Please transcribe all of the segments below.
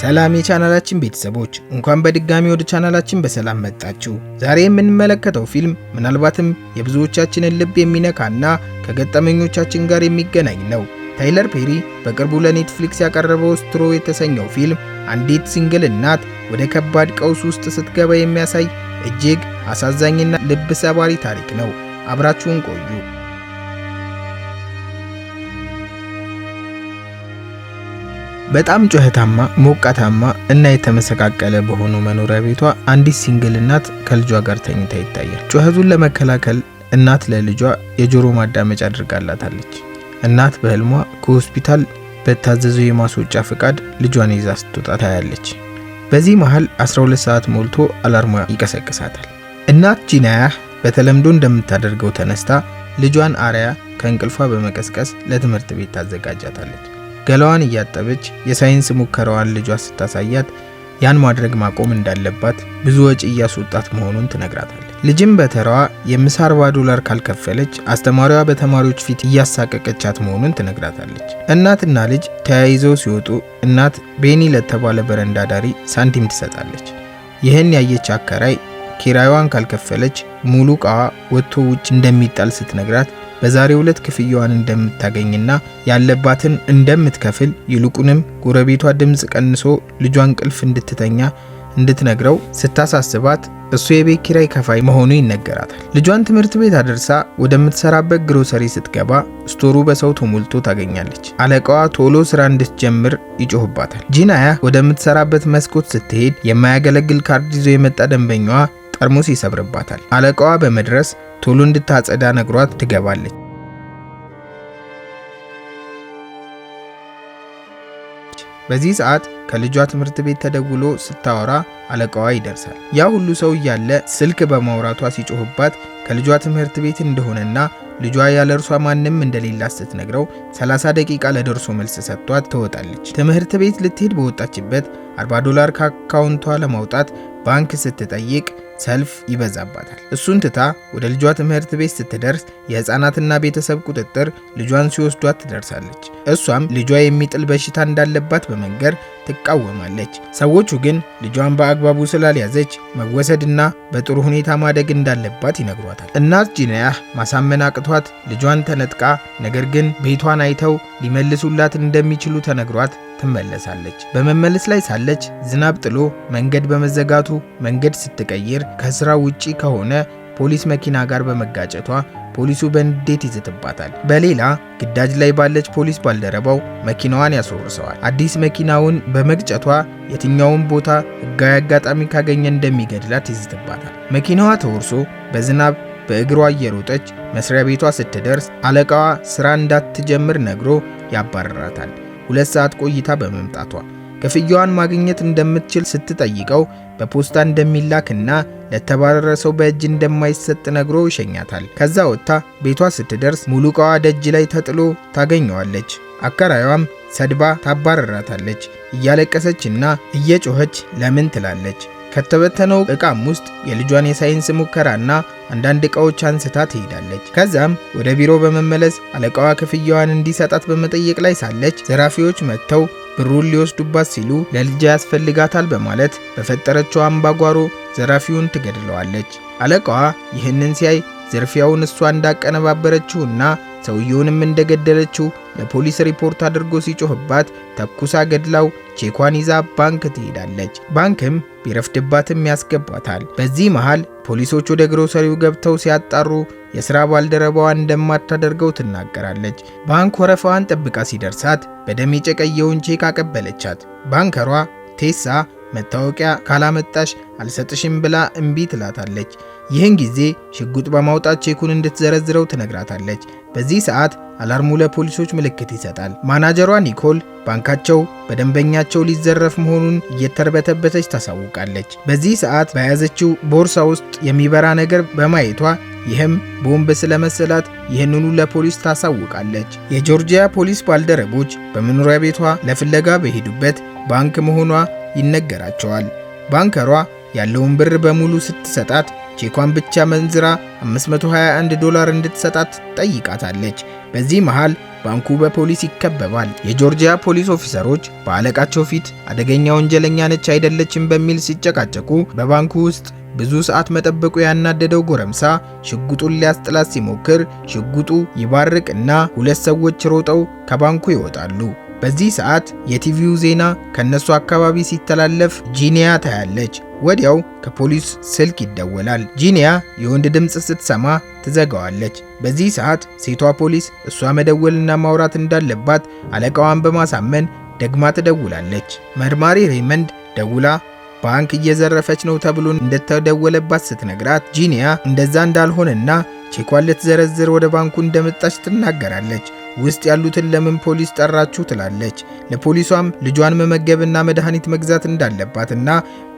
ሰላም የቻናላችን ቤተሰቦች እንኳን በድጋሚ ወደ ቻናላችን በሰላም መጣችሁ። ዛሬ የምንመለከተው ፊልም ምናልባትም የብዙዎቻችንን ልብ የሚነካና ከገጠመኞቻችን ጋር የሚገናኝ ነው። ታይለር ፔሪ በቅርቡ ለኔትፍሊክስ ያቀረበው ስትሮ የተሰኘው ፊልም አንዲት ሲንግል እናት ወደ ከባድ ቀውስ ውስጥ ስትገባ የሚያሳይ እጅግ አሳዛኝና ልብ ሰባሪ ታሪክ ነው። አብራችሁን ቆዩ። በጣም ጩኸታማ፣ ሞቃታማ እና የተመሰቃቀለ በሆነው መኖሪያ ቤቷ አንዲት ሲንግል እናት ከልጇ ጋር ተኝታ ይታያል። ጩኸቱን ለመከላከል እናት ለልጇ የጆሮ ማዳመጫ አድርጋላታለች። እናት በህልሟ ከሆስፒታል በታዘዘው የማስወጫ ፍቃድ ልጇን ይዛ ስትወጣ ታያለች። በዚህ መሃል 12 ሰዓት ሞልቶ አላርሟ ይቀሰቅሳታል። እናት ጂናያህ በተለምዶ እንደምታደርገው ተነስታ ልጇን አሪያ ከእንቅልፏ በመቀስቀስ ለትምህርት ቤት ታዘጋጃታለች። ገላዋን እያጠበች የሳይንስ ሙከራዋን ልጇ ስታሳያት ያን ማድረግ ማቆም እንዳለባት ብዙ ወጪ እያስወጣት መሆኑን ትነግራታለች። ልጅም በተራዋ የምሳ 40 ዶላር ካልከፈለች አስተማሪዋ በተማሪዎች ፊት እያሳቀቀቻት መሆኑን ትነግራታለች። እናትና ልጅ ተያይዘው ሲወጡ እናት ቤኒ ለተባለ በረንዳ ዳሪ ሳንቲም ትሰጣለች። ይህን ያየች አከራይ ኪራይዋን ካልከፈለች ሙሉ እቃዋ ወጥቶ ውጭ እንደሚጣል ስትነግራት በዛሬው ዕለት ክፍያዋን እንደምታገኝና ያለባትን እንደምትከፍል ይልቁንም ጎረቤቷ ድምፅ ቀንሶ ልጇን እንቅልፍ እንድትተኛ እንድትነግረው ስታሳስባት እሱ የቤት ኪራይ ከፋይ መሆኑ ይነገራታል። ልጇን ትምህርት ቤት አድርሳ ወደምትሰራበት ግሮሰሪ ስትገባ ስቶሩ በሰው ተሞልቶ ታገኛለች። አለቃዋ ቶሎ ስራ እንድትጀምር ይጮህባታል። ጂናያ ወደምትሰራበት መስኮት ስትሄድ የማያገለግል ካርድ ይዞ የመጣ ደንበኛዋ ጠርሙስ ይሰብርባታል። አለቃዋ በመድረስ ቶሎ እንድታጸዳ ነግሯት ትገባለች። በዚህ ሰዓት ከልጇ ትምህርት ቤት ተደውሎ ስታወራ አለቃዋ ይደርሳል። ያ ሁሉ ሰው እያለ ስልክ በማውራቷ ሲጮህባት ከልጇ ትምህርት ቤት እንደሆነና ልጇ ያለ እርሷ ማንም እንደሌላት ስትነግረው 30 ደቂቃ ለደርሶ መልስ ሰጥቷት ትወጣለች። ትምህርት ቤት ልትሄድ በወጣችበት 40 ዶላር ከአካውንቷ ለማውጣት ባንክ ስትጠይቅ ሰልፍ ይበዛባታል። እሱን ትታ ወደ ልጇ ትምህርት ቤት ስትደርስ የህፃናትና ቤተሰብ ቁጥጥር ልጇን ሲወስዷት ትደርሳለች። እሷም ልጇ የሚጥል በሽታ እንዳለባት በመንገር ትቃወማለች። ሰዎቹ ግን ልጇን በአግባቡ ስላልያዘች መወሰድና በጥሩ ሁኔታ ማደግ እንዳለባት ይነግሯታል። እናት ጂናያህ ማሳመን አቅቷት ልጇን ተነጥቃ ነገር ግን ቤቷን አይተው ሊመልሱላት እንደሚችሉ ተነግሯት ትመለሳለች። በመመለስ ላይ ሳለች ዝናብ ጥሎ መንገድ በመዘጋቱ መንገድ ስትቀይር ከስራ ውጪ ከሆነ ፖሊስ መኪና ጋር በመጋጨቷ ፖሊሱ በንዴት ይዘትባታል። በሌላ ግዳጅ ላይ ባለች ፖሊስ ባልደረባው መኪናዋን ያስወርሰዋል። አዲስ መኪናውን በመግጨቷ የትኛውን ቦታ ህጋዊ አጋጣሚ ካገኘ እንደሚገድላት ይዝትባታል። መኪናዋ ተወርሶ በዝናብ በእግሯ እየሮጠች መስሪያ ቤቷ ስትደርስ አለቃዋ ስራ እንዳትጀምር ነግሮ ያባረራታል። ሁለት ሰዓት ቆይታ በመምጣቷ ክፍያዋን ማግኘት እንደምትችል ስትጠይቀው በፖስታ እንደሚላክና ለተባረረ ሰው በእጅ እንደማይሰጥ ነግሮ ይሸኛታል። ከዛ ወጥታ ቤቷ ስትደርስ ሙሉ እቃዋ ደጅ ላይ ተጥሎ ታገኘዋለች። አከራዩዋም ሰድባ ታባረራታለች። እያለቀሰችና እየጮኸች ለምን ትላለች። ከተበተነው እቃም ውስጥ የልጇን የሳይንስ ሙከራና አንዳንድ እቃዎች አንስታ ትሄዳለች። ከዛም ወደ ቢሮ በመመለስ አለቃዋ ክፍያዋን እንዲሰጣት በመጠየቅ ላይ ሳለች ዘራፊዎች መጥተው ብሩን ሊወስዱባት ሲሉ ለልጃ ያስፈልጋታል በማለት በፈጠረችው አምባጓሮ ዘራፊውን ትገድለዋለች። አለቃዋ ይህንን ሲያይ ዝርፊያውን እሷ እንዳቀነባበረችውና ሰውየውንም እንደገደለችው ለፖሊስ ሪፖርት አድርጎ ሲጮህባት ተኩሳ ገድላው ቼኳን ይዛ ባንክ ትሄዳለች። ባንክም ቢረፍድባትም ያስገባታል። በዚህ መሃል ፖሊሶች ወደ ግሮሰሪው ገብተው ሲያጣሩ የስራ ባልደረባዋ እንደማታደርገው ትናገራለች። ባንክ ወረፋዋን ጠብቃ ሲደርሳት በደም የጨቀየውን ቼክ አቀበለቻት። ባንከሯ ቴሳ መታወቂያ ካላመጣሽ አልሰጥሽም ብላ እምቢ ትላታለች። ይህን ጊዜ ሽጉጥ በማውጣት ቼኩን እንድትዘረዝረው ትነግራታለች። በዚህ ሰዓት አላርሙ ለፖሊሶች ምልክት ይሰጣል። ማናጀሯ ኒኮል ባንካቸው በደንበኛቸው ሊዘረፍ መሆኑን እየተርበተበተች ታሳውቃለች። በዚህ ሰዓት በያዘችው ቦርሳ ውስጥ የሚበራ ነገር በማየቷ ይህም ቦምብ ስለመሰላት ይህንኑ ለፖሊስ ታሳውቃለች። የጆርጂያ ፖሊስ ባልደረቦች በመኖሪያ ቤቷ ለፍለጋ በሄዱበት ባንክ መሆኗ ይነገራቸዋል። ባንከሯ ያለውን ብር በሙሉ ስትሰጣት ቼኳን ብቻ መንዝራ 521 ዶላር እንድትሰጣት ጠይቃታለች። በዚህ መሃል ባንኩ በፖሊስ ይከበባል። የጆርጂያ ፖሊስ ኦፊሰሮች በአለቃቸው ፊት አደገኛ ወንጀለኛ ነች አይደለችም በሚል ሲጨቃጨቁ በባንኩ ውስጥ ብዙ ሰዓት መጠበቁ ያናደደው ጎረምሳ ሽጉጡን ሊያስጥላት ሲሞክር ሽጉጡ ይባርቅና ሁለት ሰዎች ሮጠው ከባንኩ ይወጣሉ። በዚህ ሰዓት የቲቪው ዜና ከነሱ አካባቢ ሲተላለፍ ጂኒያ ታያለች። ወዲያው ከፖሊስ ስልክ ይደወላል። ጂኒያ የወንድ ድምፅ ስትሰማ ትዘጋዋለች። በዚህ ሰዓት ሴቷ ፖሊስ እሷ መደወልና ማውራት እንዳለባት አለቃዋን በማሳመን ደግማ ትደውላለች። መርማሪ ሬመንድ ደውላ ባንክ እየዘረፈች ነው ተብሎ እንደተደወለባት ስትነግራት ጂኒያ እንደዛ እንዳልሆነና ቼኳን ልትዘረዝር ወደ ባንኩ እንደመጣች ትናገራለች። ውስጥ ያሉትን ለምን ፖሊስ ጠራችሁ ትላለች። ለፖሊሷም ልጇን መመገብና መድኃኒት መግዛት እንዳለባትና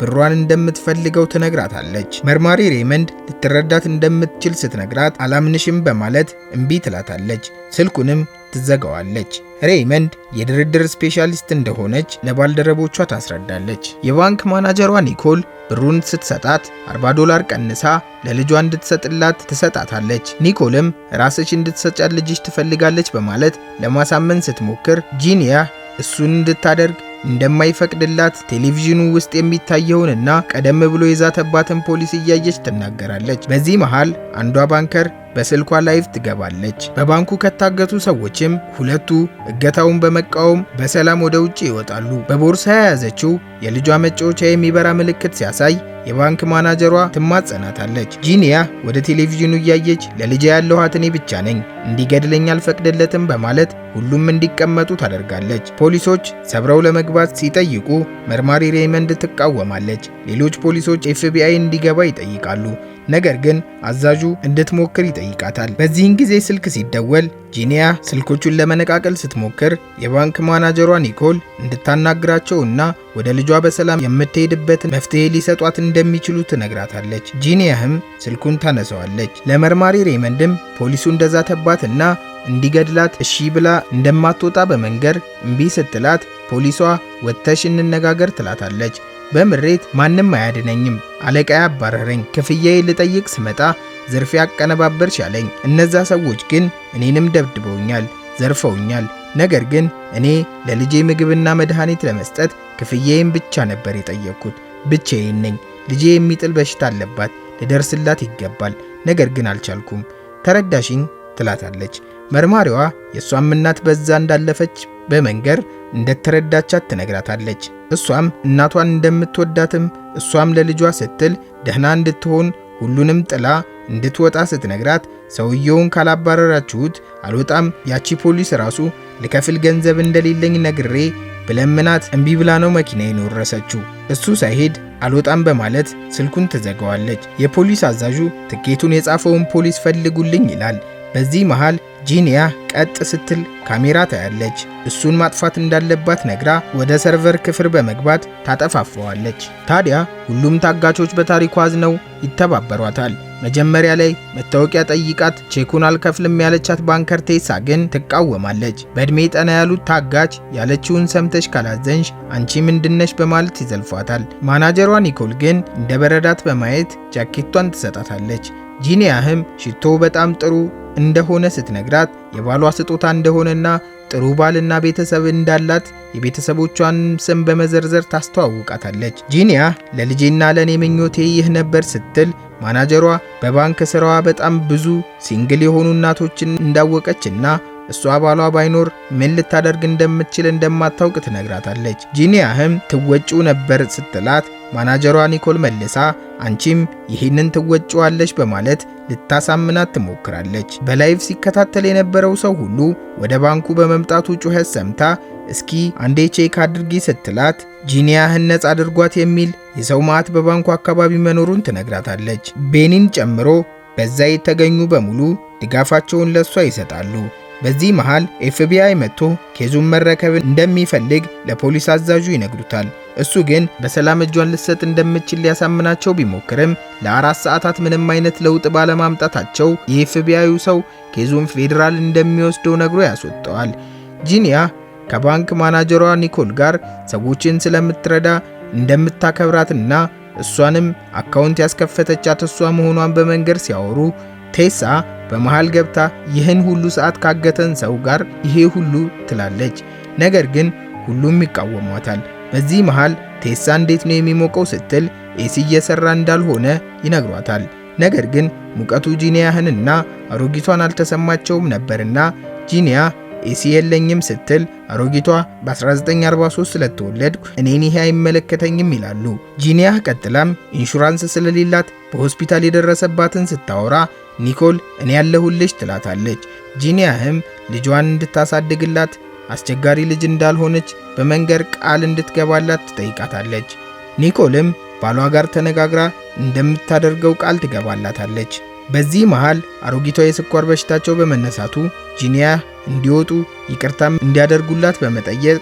ብሯን እንደምትፈልገው ትነግራታለች። መርማሪ ሬመንድ ልትረዳት እንደምትችል ስትነግራት አላምንሽም በማለት እምቢ ትላታለች። ስልኩንም ትዘጋዋለች። ሬይመንድ የድርድር ስፔሻሊስት እንደሆነች ለባልደረቦቿ ታስረዳለች። የባንክ ማናጀሯ ኒኮል ብሩን ስትሰጣት 40 ዶላር ቀንሳ ለልጇ እንድትሰጥላት ትሰጣታለች። ኒኮልም ራስሽ እንድትሰጫት ልጅሽ ትፈልጋለች በማለት ለማሳመን ስትሞክር ጂኒያ እሱን እንድታደርግ እንደማይፈቅድላት ቴሌቪዥኑ ውስጥ የሚታየውንና ቀደም ብሎ የዛተባትን ፖሊስ እያየች ትናገራለች። በዚህ መሃል አንዷ ባንከር በስልኳ ላይቭ ትገባለች። በባንኩ ከታገቱ ሰዎችም ሁለቱ እገታውን በመቃወም በሰላም ወደ ውጭ ይወጣሉ። በቦርሳ የያዘችው የልጇ መጫወቻ የሚበራ ምልክት ሲያሳይ የባንክ ማናጀሯ ትማጸናታለች። ጂኒያ ወደ ቴሌቪዥኑ እያየች ለልጄ ያለኋት እኔ ብቻ ነኝ፣ እንዲገድለኝ አልፈቅድለትም በማለት ሁሉም እንዲቀመጡ ታደርጋለች። ፖሊሶች ሰብረው ለመግባት ሲጠይቁ መርማሪ ሬይመንድ ትቃወማለች። ሌሎች ፖሊሶች ኤፍቢአይ እንዲገባ ይጠይቃሉ። ነገር ግን አዛዡ እንድትሞክር ይጠይቃታል። በዚህን ጊዜ ስልክ ሲደወል ጂኒያ ስልኮቹን ለመነቃቀል ስትሞክር የባንክ ማናጀሯ ኒኮል እንድታናግራቸው እና ወደ ልጇ በሰላም የምትሄድበትን መፍትሄ ሊሰጧት እንደሚችሉ ትነግራታለች። ጂኒያህም ስልኩን ታነሰዋለች። ለመርማሪ ሬመንድም ፖሊሱ እንደዛተባትና እንዲገድላት እሺ ብላ እንደማትወጣ በመንገር እምቢ ስትላት ፖሊሷ ወጥተሽ እንነጋገር ትላታለች። በምሬት ማንም አያድነኝም፣ አለቃ ያባረረኝ፣ ክፍያዬ ልጠይቅ ስመጣ ዝርፊያ አቀነባበርሽ አለኝ። እነዛ ሰዎች ግን እኔንም ደብድበውኛል፣ ዘርፈውኛል። ነገር ግን እኔ ለልጄ ምግብና መድኃኒት ለመስጠት ክፍያዬን ብቻ ነበር የጠየቅኩት። ብቻዬን ነኝ። ልጄ የሚጥል በሽታ አለባት፣ ልደርስላት ይገባል። ነገር ግን አልቻልኩም። ተረዳሽኝ ትላታለች። መርማሪዋ የእሷም እናት በዛ እንዳለፈች በመንገር እንደተረዳቻት ትነግራታለች። እሷም እናቷን እንደምትወዳትም እሷም ለልጇ ስትል ደህና እንድትሆን ሁሉንም ጥላ እንድትወጣ ስትነግራት ሰውየውን ካላባረራችሁት አልወጣም፣ ያቺ ፖሊስ ራሱ ልከፍል ገንዘብ እንደሌለኝ ነግሬ ብለምናት እምቢ ብላ ነው መኪና የኖረሰችው። እሱ ሳይሄድ አልወጣም በማለት ስልኩን ትዘጋዋለች። የፖሊስ አዛዡ ትኬቱን የጻፈውን ፖሊስ ፈልጉልኝ ይላል። በዚህ መሃል ጂኒያ ቀጥ ስትል ካሜራ ታያለች። እሱን ማጥፋት እንዳለባት ነግራ ወደ ሰርቨር ክፍል በመግባት ታጠፋፈዋለች። ታዲያ ሁሉም ታጋቾች በታሪኳ አዝነው ይተባበሯታል። መጀመሪያ ላይ መታወቂያ ጠይቃት ቼኩን አልከፍልም ያለቻት ባንከር ቴሳ ግን ትቃወማለች። በእድሜ ጠና ያሉት ታጋች ያለችውን ሰምተሽ ካላዘንሽ አንቺ ምንድነሽ በማለት ይዘልፏታል። ማናጀሯ ኒኮል ግን እንደ በረዳት በማየት ጃኬቷን ትሰጣታለች። ጂኒያህም ሽቶ በጣም ጥሩ እንደሆነ ስትነግራት የባሏ ስጦታ እንደሆነና ጥሩ ባልና ቤተሰብ እንዳላት የቤተሰቦቿን ስም በመዘርዘር ታስተዋውቃታለች። ጂኒያ ለልጄና ለእኔ ምኞቴ ይህ ነበር ስትል ማናጀሯ በባንክ ስራዋ በጣም ብዙ ሲንግል የሆኑ እናቶችን እንዳወቀችና እሷ ባሏ ባይኖር ምን ልታደርግ እንደምትችል እንደማታውቅ ትነግራታለች። ጂኒያህም ትወጪው ነበር ስትላት ማናጀሯ ኒኮል መልሳ አንቺም ይህንን ትወጪዋለሽ በማለት ልታሳምናት ትሞክራለች። በላይቭ ሲከታተል የነበረው ሰው ሁሉ ወደ ባንኩ በመምጣቱ ጩኸት ሰምታ እስኪ አንዴ ቼክ አድርጊ ስትላት ጂኒያህን ነጻ አድርጓት የሚል የሰው ማዕት በባንኩ አካባቢ መኖሩን ትነግራታለች። ቤኒን ጨምሮ በዛ የተገኙ በሙሉ ድጋፋቸውን ለሷ ይሰጣሉ። በዚህ መሃል ኤፍቢአይ መጥቶ ኬዙን መረከብን እንደሚፈልግ ለፖሊስ አዛዡ ይነግሩታል። እሱ ግን በሰላም እጇን ልሰጥ እንደምችል ሊያሳምናቸው ቢሞክርም ለአራት ሰዓታት ምንም አይነት ለውጥ ባለማምጣታቸው የኤፍቢአዩ ሰው ኬዙን ፌዴራል እንደሚወስደው ነግሮ ያስወጠዋል። ጂኒያ ከባንክ ማናጀሯ ኒኮል ጋር ሰዎችን ስለምትረዳ እንደምታከብራትና እሷንም አካውንት ያስከፈተቻት እሷ መሆኗን በመንገር ሲያወሩ ቴሳ በመሃል ገብታ ይህን ሁሉ ሰዓት ካገተን ሰው ጋር ይሄ ሁሉ ትላለች። ነገር ግን ሁሉም ይቃወሟታል። በዚህ መሃል ቴሳ እንዴት ነው የሚሞቀው ስትል ኤሲ እየሰራ እንዳልሆነ ይነግሯታል። ነገር ግን ሙቀቱ ጂኒያህንና አሮጊቷን አልተሰማቸውም ነበርና ጂኒያ ኤሲ የለኝም ስትል አሮጊቷ በ1943 ስለተወለድ እኔን ይሄ አይመለከተኝም ይላሉ። ጂኒያ ቀጥላም ኢንሹራንስ ስለሌላት በሆስፒታል የደረሰባትን ስታወራ ኒኮል እኔ ያለሁልሽ ትላታለች። ጂኒያህም ልጇን እንድታሳድግላት አስቸጋሪ ልጅ እንዳልሆነች በመንገር ቃል እንድትገባላት ትጠይቃታለች። ኒኮልም ባሏ ጋር ተነጋግራ እንደምታደርገው ቃል ትገባላታለች። በዚህ መሃል አሮጊቷ የስኳር በሽታቸው በመነሳቱ ጂኒያህ እንዲወጡ ይቅርታም እንዲያደርጉላት በመጠየቅ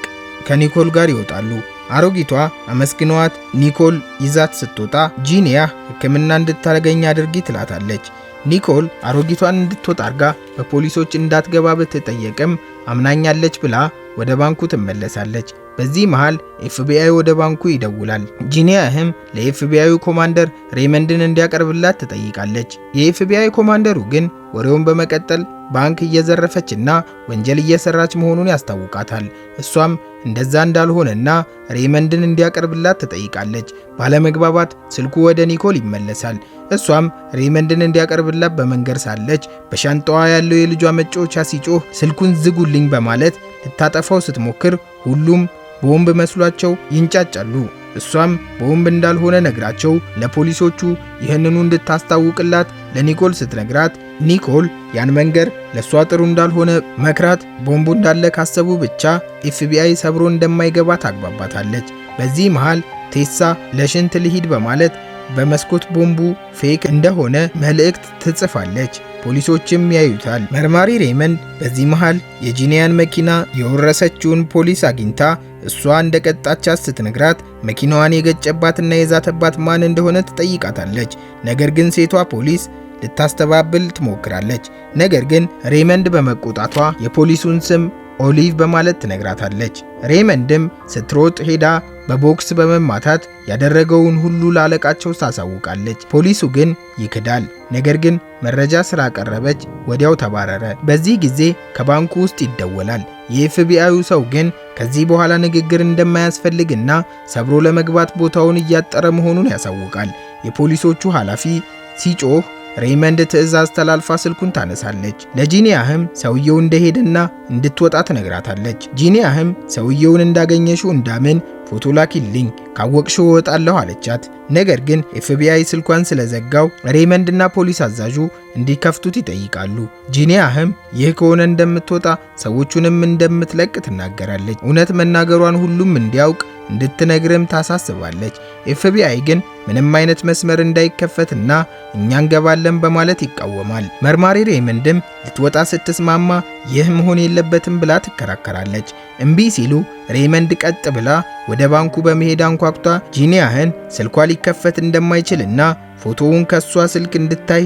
ከኒኮል ጋር ይወጣሉ። አሮጊቷ አመስግነዋት ኒኮል ይዛት ስትወጣ ጂኒያ ሕክምና እንድታገኝ አድርጊ ትላታለች። ኒኮል አሮጊቷን እንድትወጣ አርጋ በፖሊሶች እንዳትገባ ብትጠየቅም አምናኛለች ብላ ወደ ባንኩ ትመለሳለች። በዚህ መሃል ኤፍቢአይ ወደ ባንኩ ይደውላል። ጂኒያህም ለኤፍቢአዩ ኮማንደር ሬመንድን እንዲያቀርብላት ትጠይቃለች። የኤፍቢአይ ኮማንደሩ ግን ወሬውን በመቀጠል ባንክ እየዘረፈችና ወንጀል እየሰራች መሆኑን ያስታውቃታል። እሷም እንደዛ እንዳልሆነና ሬመንድን እንዲያቀርብላት ትጠይቃለች። ባለመግባባት ስልኩ ወደ ኒኮል ይመለሳል። እሷም ሬመንድን እንዲያቀርብላት በመንገድ ሳለች በሻንጣዋ ያለው የልጇ መጫወቻ ሲጮህ ስልኩን ዝጉልኝ በማለት ልታጠፋው ስትሞክር ሁሉም ቦምብ መስሏቸው ይንጫጫሉ። እሷም ቦምብ እንዳልሆነ ነግራቸው ለፖሊሶቹ ይህንኑ እንድታስታውቅላት ለኒኮል ስትነግራት ኒኮል ያን መንገር ለእሷ ጥሩ እንዳልሆነ መክራት ቦምቡ እንዳለ ካሰቡ ብቻ ኤፍቢአይ ሰብሮ እንደማይገባ ታግባባታለች። በዚህ መሃል ቴሳ ለሽንት ልሂድ በማለት በመስኮት ቦምቡ ፌክ እንደሆነ መልእክት ትጽፋለች። ፖሊሶችም ያዩታል። መርማሪ ሬመንድ በዚህ መሃል የጂኒያን መኪና የወረሰችውን ፖሊስ አግኝታ እሷ እንደ ቀጣቻት ስትነግራት መኪናዋን የገጨባትና የዛተባት ማን እንደሆነ ትጠይቃታለች። ነገር ግን ሴቷ ፖሊስ ልታስተባብል ትሞክራለች። ነገር ግን ሬመንድ በመቆጣቷ የፖሊሱን ስም ኦሊቭ በማለት ትነግራታለች። ሬመንድም ስትሮጥ ሄዳ በቦክስ በመማታት ያደረገውን ሁሉ ላለቃቸው ታሳውቃለች። ፖሊሱ ግን ይክዳል። ነገር ግን መረጃ ስላቀረበች ወዲያው ተባረረ። በዚህ ጊዜ ከባንኩ ውስጥ ይደወላል። የኤፍቢአዩ ሰው ግን ከዚህ በኋላ ንግግር እንደማያስፈልግና ሰብሮ ለመግባት ቦታውን እያጠረ መሆኑን ያሳውቃል። የፖሊሶቹ ኃላፊ ሲጮህ ሬይመንድ ትዕዛዝ ተላልፋ ስልኩን ታነሳለች። ለጂኒያህም ሰውየው እንደሄደና እንድትወጣ ትነግራታለች። ጂኒያህም ሰውየውን እንዳገኘሽው እንዳምን ፎቶ ላኪልኝ ካወቅሽ እወጣለሁ አለቻት። ነገር ግን ኤፍቢአይ ስልኳን ስለዘጋው ሬመንድ እና ፖሊስ አዛዡ እንዲከፍቱት ይጠይቃሉ። ጂኒያህም ይህ ከሆነ እንደምትወጣ ሰዎቹንም እንደምትለቅ ትናገራለች። እውነት መናገሯን ሁሉም እንዲያውቅ እንድትነግርም ታሳስባለች። ኤፍቢአይ ግን ምንም አይነት መስመር እንዳይከፈትና እኛ እንገባለን በማለት ይቃወማል። መርማሪ ሬይመንድም ልትወጣ ስትስማማ ይህ መሆን የለበትም ብላ ትከራከራለች። እምቢ ሲሉ ሬይመንድ ቀጥ ብላ ወደ ባንኩ በመሄድ አንኳኩታ ጂኒያህን ስልኳ ሊከፈት እንደማይችልና ፎቶውን ከሷ ስልክ እንድታይ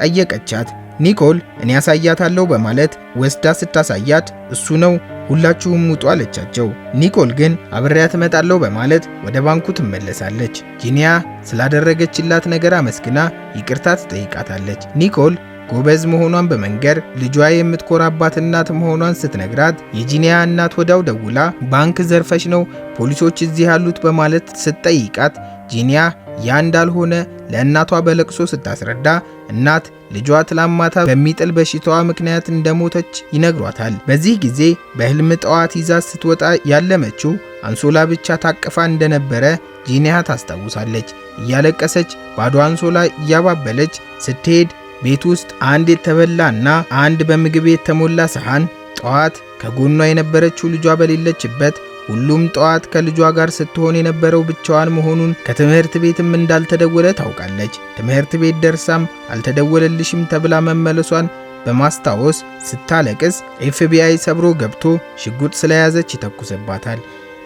ጠየቀቻት። ኒኮል እኔ ያሳያታለሁ በማለት ወስዳ ስታሳያት እሱ ነው ሁላችሁም ውጡ አለቻቸው። ኒኮል ግን አብሬያት እመጣለሁ በማለት ወደ ባንኩ ትመለሳለች። ጂኒያ ስላደረገችላት ነገር አመስግና ይቅርታ ትጠይቃታለች። ኒኮል ጎበዝ መሆኗን በመንገር ልጇ የምትኮራባት እናት መሆኗን ስትነግራት የጂኒያ እናት ወዳው ደውላ ባንክ ዘርፈሽ ነው ፖሊሶች እዚህ ያሉት በማለት ስትጠይቃት ጂኒያ ያ እንዳልሆነ ለእናቷ በለቅሶ ስታስረዳ እናት ልጇ ትላማታ በሚጥል በሽታዋ ምክንያት እንደሞተች ይነግሯታል። በዚህ ጊዜ በህልም ጠዋት ይዛ ስትወጣ ያለመችው አንሶላ ብቻ ታቅፋ እንደነበረ ጂኒያ ታስታውሳለች። እያለቀሰች ባዶ አንሶላ እያባበለች ስትሄድ ቤት ውስጥ አንድ የተበላና አንድ በምግብ የተሞላ ሰሃን ጠዋት ከጎኗ የነበረችው ልጇ በሌለችበት ሁሉም ጠዋት ከልጇ ጋር ስትሆን የነበረው ብቻዋን መሆኑን ከትምህርት ቤትም እንዳልተደወለ ታውቃለች። ትምህርት ቤት ደርሳም አልተደወለልሽም ተብላ መመለሷን በማስታወስ ስታለቅስ ኤፍቢአይ ሰብሮ ገብቶ ሽጉጥ ስለያዘች ይተኩስባታል።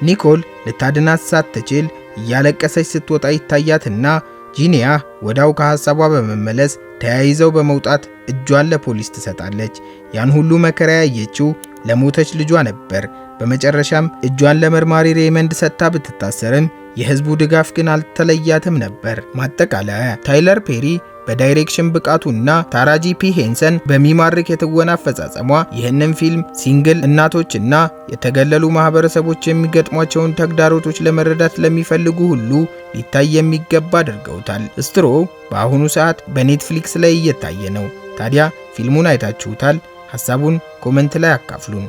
ኒኮል ልታድናት ሳትችል እያለቀሰች ስትወጣ ይታያትና ጂኒያ ወዳው ከሐሳቧ በመመለስ ተያይዘው በመውጣት እጇን ለፖሊስ ትሰጣለች። ያን ሁሉ መከራ ያየችው ለሞተች ልጇ ነበር። በመጨረሻም እጇን ለመርማሪ ሬመንድ ሰጥታ ብትታሰርም የህዝቡ ድጋፍ ግን አልተለያትም ነበር። ማጠቃለያ፣ ታይለር ፔሪ በዳይሬክሽን ብቃቱና ታራጂ ፒ ሄንሰን በሚማርክ የትወና አፈጻጸሟ ይህንን ፊልም ሲንግል እናቶችና የተገለሉ ማህበረሰቦች የሚገጥሟቸውን ተግዳሮቶች ለመረዳት ለሚፈልጉ ሁሉ ሊታይ የሚገባ አድርገውታል። ስትሮ በአሁኑ ሰዓት በኔትፍሊክስ ላይ እየታየ ነው። ታዲያ ፊልሙን አይታችሁታል? ሀሳቡን ኮመንት ላይ አካፍሉን።